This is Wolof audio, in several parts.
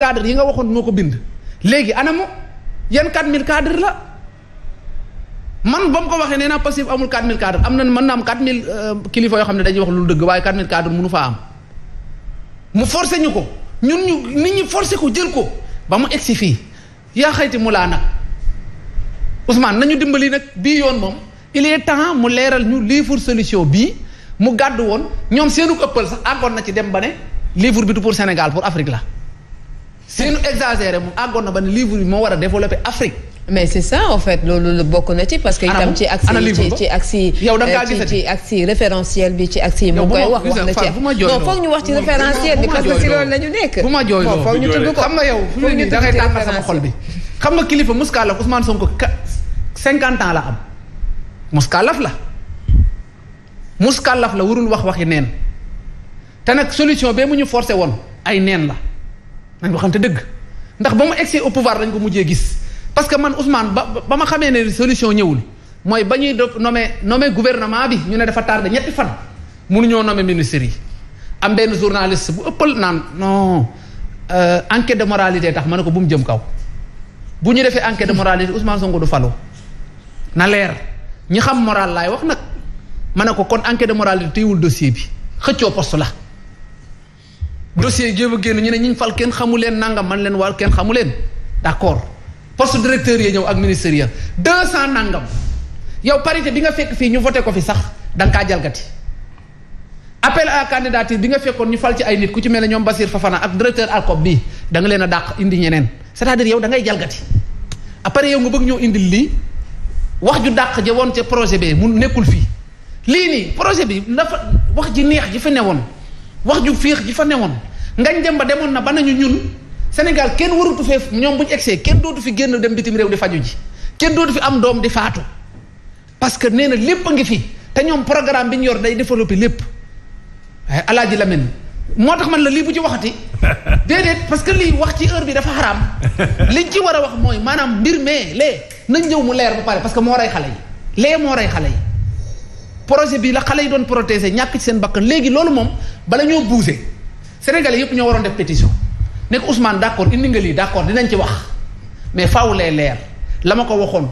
cadre yi nga waxoon moo ko bind léegi anamu yan 4000 cadre la man ba mu ko waxee nee naa passif amul 4000 cadre am na mën na am 4000 euh, kilifa yoo xam ne dañuy wax lu dëgg waaye 4000 cadre mënu faa am mu forcé ñu ko ñun ñu nit ñi forcé ko jël ko ba mu egsi fii yaa xayti mu laa nag Ousmane nañu dimbali nag bii yoon moom il est temps mu leeral ñu livre solution bii mu gàdd woon ñoom seenu ëppal sax àggoon na ci dem ba ne livre bi du pour Sénégal pour Afrique la si nu exagéré mu àggoon na ba ne livre bi moo war a développer Afrique. mais c'est ça en fait loolu lu bokk na ci parce que itam ci ak yi ci ci axe yow da euh, ngaa gisati ci axe référentiel bi ci axe yi mu koy wax wax na ci non foog ñu wax ci référentiel bi parce que si loolu la ñu nekk bu ma foog ñu tudd ko xam nga yow fu ñu nii da sama xol bi xam nga kilifa muskaalaf Ousmane Sonko cinquante ans la am muskaalaf la muskaalaf la warul wax waxi neen te nag solution bee mu ñu forcé woon ay neen la nañ xam waxante dëgg ndax ba mu egsee au pouvoir dañ ko mujjee gis parce que man Ousmane ba ba ma xamee ne solution ñëwul mooy ba ñuy do nommé nommé gouvernement bi ñu ne dafa tardé ñetti fan mënuñoo nommé ministres yi am benn journaliste bu ëppal naan non euh, enquête de moralité tax ma ne ko bu mu jëm kaw bu ñu defee enquête de moralité Ousmane Sonko du falo na leer ñi xam moral laay wax nag ma ne ko kon enquête de moralité téyewul dossier bi xëccoo poste la dossier jéem a génn ñu ne ñiñ fal kenn xamu leen nangam man leen war kenn xamu leen d'accord poste directeur yee ñëw ak ministériel deux cent nangam yow parité bi nga fekk fii ñu vote ko fi sax danga nga kaa jalgati appel à candidature bi nga fekkoon ñu fal ci ay nit ku ci mel ne ñoom Basir Fafana ak directeur ALCOP bii da nga leen a dàq indi ñeneen c'est-à-dire yow ngay jalgati après yow nga bëgg ñëw indil lii wax ju dàq ja woon ca projet bi mu nekkul fii lii projet bi dafa wax ji neex ji fi newoon. wax ju fiix ji fa newoon ngañ dem ba demoon na ba nañu ñun Sénégal kenn warutu fee ñoom bu ñu egsee kenn dootu fi génn dem bitim réew di faju ji kenn dootu fi am doom di faatu parce que nee na lépp a ngi fi te ñoom programme bi ñu yor day développé lépp waaye eh, alaaji na moo tax man la lii bu ci waxati déedéet parce que lii wax ci heure bi dafa xaraam liñ ci war a wax mooy maanaam mbir mee lee nañ ñëw mu leer bu pare parce que moo rey xale yi lee moo rey xale yi projet bi la xale yi doon protéger ñàkk ci seen bakkan léegi loolu moom bala ñoo buuse sénégalais yëpp ñoo waroon def pétition nekk Ousmane d'accord indi nga lii d'accord dinañ ci wax mais faw lay leer la ma ko waxoon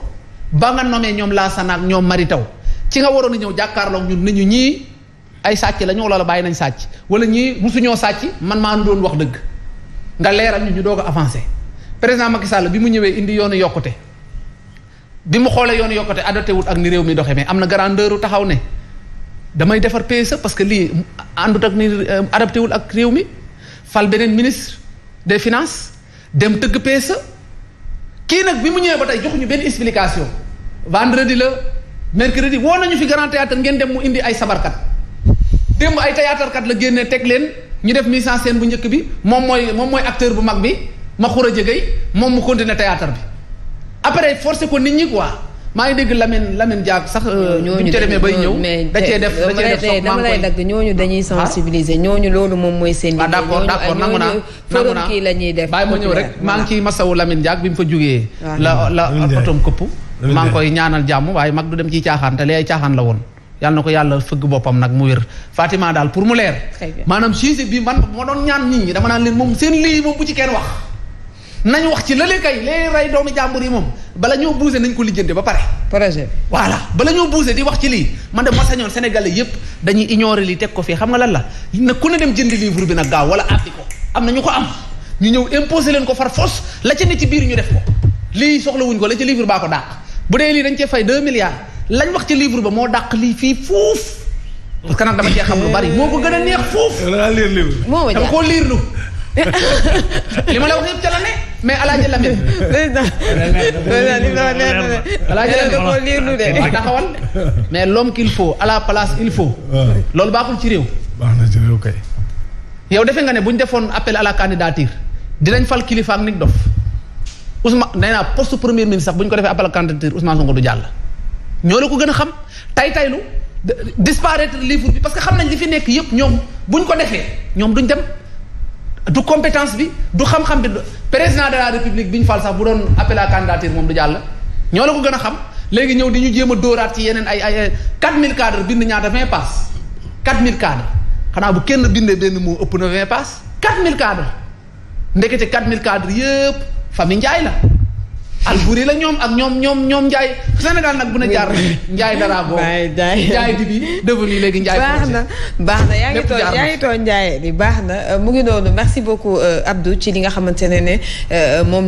ba nga nomee ñoom laa ak ñoom mari taw ci nga waroon ñëw jàkkaarloog ñun ni ñu ñii ay sàcc la ñu wala la bàyyi nañ sàcc wala ñii musuñoo sàcc man maa doon wax dëgg nga leeral ñu ñu doog a avancé président Macky Sall bi mu ñëwee indi yoonu yokkute bi mu xoolee yoon yokkute adopté wut ak ni réew mi doxee mais am na grandeur taxaw ne damay defar PSE parce que lii àndut ak ni euh, adopté wul ak réew mi fal beneen ministre des finance dem tëgg PSE kii nag bi mu ñëwee ba tey joxuñu benn explication vendredi la mercredi woo nañu fi grand théâtre ngeen dem mu indi ay sabarkat démb ay théâtrekat la génnee teg leen ñu def mise en bu njëkk bi moom mooy moom mooy acteur bu mag bi ma xur a jegey moom mu continuer théâtre bi après forcé ko nit ñi quoi maa ngi dégg Lamine Lamine Diack sax. Euh, ñooñu dañuy bay ñëw da cee def da cee def soog dama lay dagg ñooñu dañuy ah. sensibiliser ñooñu loolu moom mooy seen. Ah, liggéey d'accord d'accord nangu naa nangu naa kii la ñuy def. bàyyi ma ñëw rek maa ngi ciy masawu Lamine Diack bi mu fa jugee. la la otoom këpp. maa ngi koy ñaanal jàmm waaye mag du dem ci caaxaan te li caaxaan la woon. yàlla na ko yàlla fëgg boppam nag mu wér Fatima daal pour mu leer. maanaam sujet bi man ma doon ñaan nit ñi dama naan leen moom seen lii moom bu ci kenn wax nañ wax ci lële kay léeg rey doomu jàmbur yi moom bala ñoo buuse nañ ko lijjante ba pare. projet voilà bala ñoo buuse di wax ci lii man de ma sañoon sénégalais yépp dañuy ignorer lii teg ko fii xam nga lan la na ku ne dem jëndi livre bi nag gaaw wala àddi ko am na ñu ko am ñu ñëw imposer leen ko far force la ci ne ci biir ñu def ko lii soxlawuñ ko la ci livre baa bu dee lii dañ cee fay 2 milliards lañ wax ci livre ba moo dàq lii fii fuuf. parce que nag dama cee xam lu bari moo ko gën a neex fuuf. dama koo liir lu li ma la wax yëpp ca la ne. mais Alaaji Lamine. président président taxawal mais l'homme qu'il faut à la place il faut. loolu baaxul ci réew. baax na ci réew yow defe nga ne bu ñu defoon appel à la candidature dinañ fal kilifa ak nit dof Ousmane nee naa poste premier ministre sax bu ñu ko defee appel à la candidature Ousmane Sonko du jàll. ñoo la ko gën a xam tay taylu disparaître livre bi parce que xam nañ li fi nekk yëpp ñoom buñ ko defee ñoom duñ dem. du compétence bi du xam-xam bi président de la république bi ñu fal sax bu doon appel à moom du jàll ñoo la ko gën a xam léegi ñëw di ñu jéem a dóoraat ci yeneen ay ay 4000 cadres bind ñaata 20 pass 4000 cadres xanaa bu kenn bindee benn moo ëpp na 20 pass 4000 cadres ndekete 4000 cadres yëpp famille Ndiaye la. Albouri la ñoom ak ñoom ñoom ñoom njaay Sénégal nag bu na jaar Ndiaye dara boobu. Ndiaye di bi devenu léegi Ndiaye. baax na baax na yaa ngi too yaa ngi too Ndiaye di baax na euh, mu ngi noonu merci beaucoup euh, Abdou ci li nga xamante ne ne euh, moom.